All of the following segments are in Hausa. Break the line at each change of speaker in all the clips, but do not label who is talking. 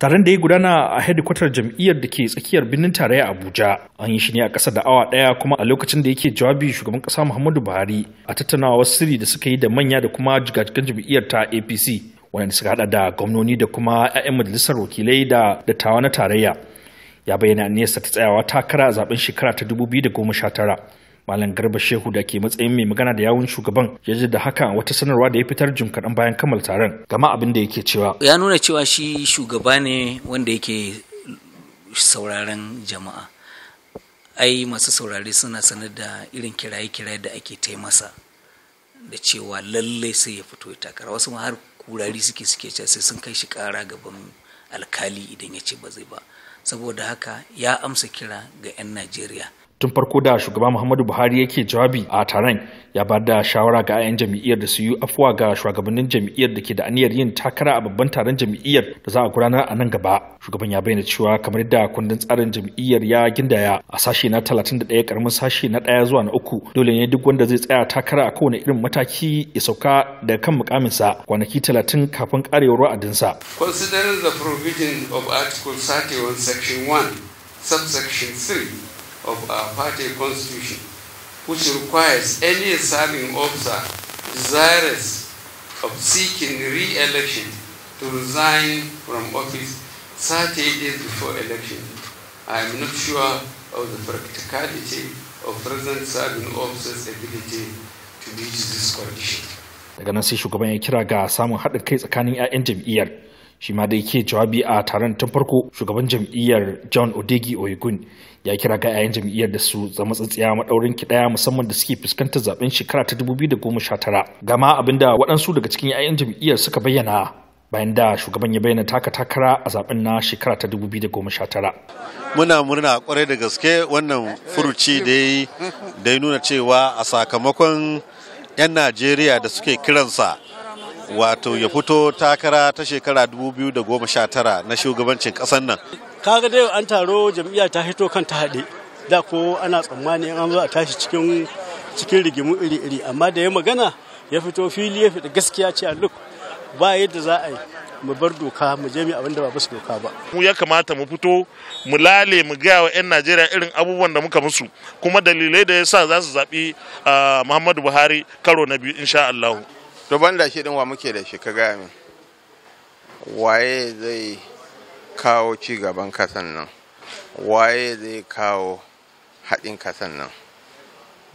taron da ya gudana a hedikwatar jam'iyyar da ke tsakiyar birnin tarayya abuja an yi shi ne a ƙasa da awa ɗaya kuma a lokacin da yake jawabi shugaban ƙasa muhammadu buhari a tattaunawa wasu sirri da suka yi da manya da kuma jigajigan jam'iyyar ta apc wanda suka hada da gwamnoni da kuma 'ya'yan majalisar wakilai da dattawa na tarayya ya bayyana aniyarsa ta tsayawa takara a zaben shekara ta 2019 malam garba shehu da ke matsayin mai magana da yawun shugaban ya ji da haka wata sanarwa da ya fitar jim kaɗan bayan kammala taron gama abin da yake cewa ya nuna cewa shi shugaba ne wanda yake sauraron jama'a ai masu saurare suna sanar da irin kiraye-kiraye da ake ta masa da cewa lallai sai ya fito ya takara wasu har kurari suke suke ce sai sun kai shi kara gaban alkali idan ya ce ba zai ba saboda haka ya amsa kira ga 'yan najeriya tun farko da shugaba muhammadu buhari yake jawabi a taron ya ba da shawara ga 'yan jam'iyyar da su yi afuwa ga shugabannin jam'iyyar da ke da aniyar yin takara a babban taron jam'iyyar da za a gudanar a nan gaba shugaban ya bayyana cewa kamar da kundin tsarin jam'iyyar ya gindaya a sashe na 31 karamin sashe na ɗaya zuwa na uku dole ne duk wanda zai tsaya takara a kowane irin mataki ya sauka da kan mukaminsa kwanaki talatin kafin karewar wa'adinsa considering the provision of article 31 section 1 subsection 3 of our uh, party constitution, which requires any serving officer desirous of seeking re-election to resign from office 30 days before election. I am not sure of the practicality of present serving officers' ability to reach this condition. Daga nan sai shugaban ya kira ga samun haɗin kai tsakanin 'ya'yan jam'iyyar shi ma dai ke jawabi a taron tun farko shugaban jam'iyyar john odegi oyegun ya kira ga 'ya'yan jam'iyyar da su zama tsintsiya maɗaurin ki ɗaya musamman da suke fuskantar zaben shekara ta 2019 gama da waɗansu daga cikin 'ya'yan jam'iyyar suka bayyana bayan da shugaban ya bayyana taka takara a zaben na shekara ta 2019 muna murna kwarai da gaske wannan furuci da ya da nuna cewa a sakamakon 'yan najeriya da suke kiransa wato ya fito takara ta shekara 2019 na shugabancin kasar nan. Kaga dai an taro jam'iyya ta hito kan ta haɗe da ko ana tsammani an zo a tashi cikin cikin rigimu iri-iri amma da ya magana ya fito fili ya fita gaskiya ce a duk ba yadda za a yi mu bar doka mu je mu abin da ba basu doka ba mu ya kamata mu fito mu lale mu gaya wa 'yan najeriya irin abubuwan da muka musu kuma dalilai da yasa za su zaɓi ah, muhammadu buhari karo na biyu insha allahu to ban da shi din wa muke da shi ka gaya min waye zai kawo ci gaban kasan nan waye zai kawo haɗin kasan nan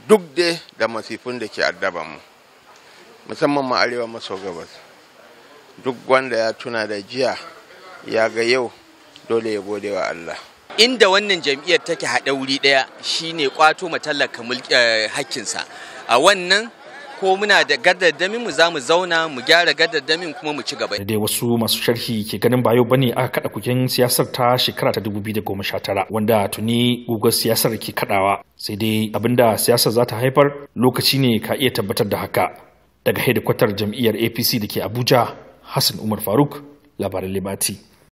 duk dai da masifin da ke addaban mu musamman ma arewa maso gabas duk wanda ya tuna da jiya ya ga yau dole ya gode wa Allah inda wannan jam'iyyar take haɗa wuri ɗaya shine kwato matallaka eh, hakkinsa a wannan ko muna da gadaddamin mu za mu zauna mu gyara gadaddamin kuma mu ci gaba. Dai wasu masu sharhi ke ganin ba ne bane aka kada kukin siyasar ta shekara ta tara, wanda tuni gugar siyasar ke kadawa sai dai abin da siyasar za ta haifar lokaci ne ka iya tabbatar da haka. Daga hedikwatar jam'iyyar APC da ke Abuja, Hassan Umar Faruk, labaran Libati.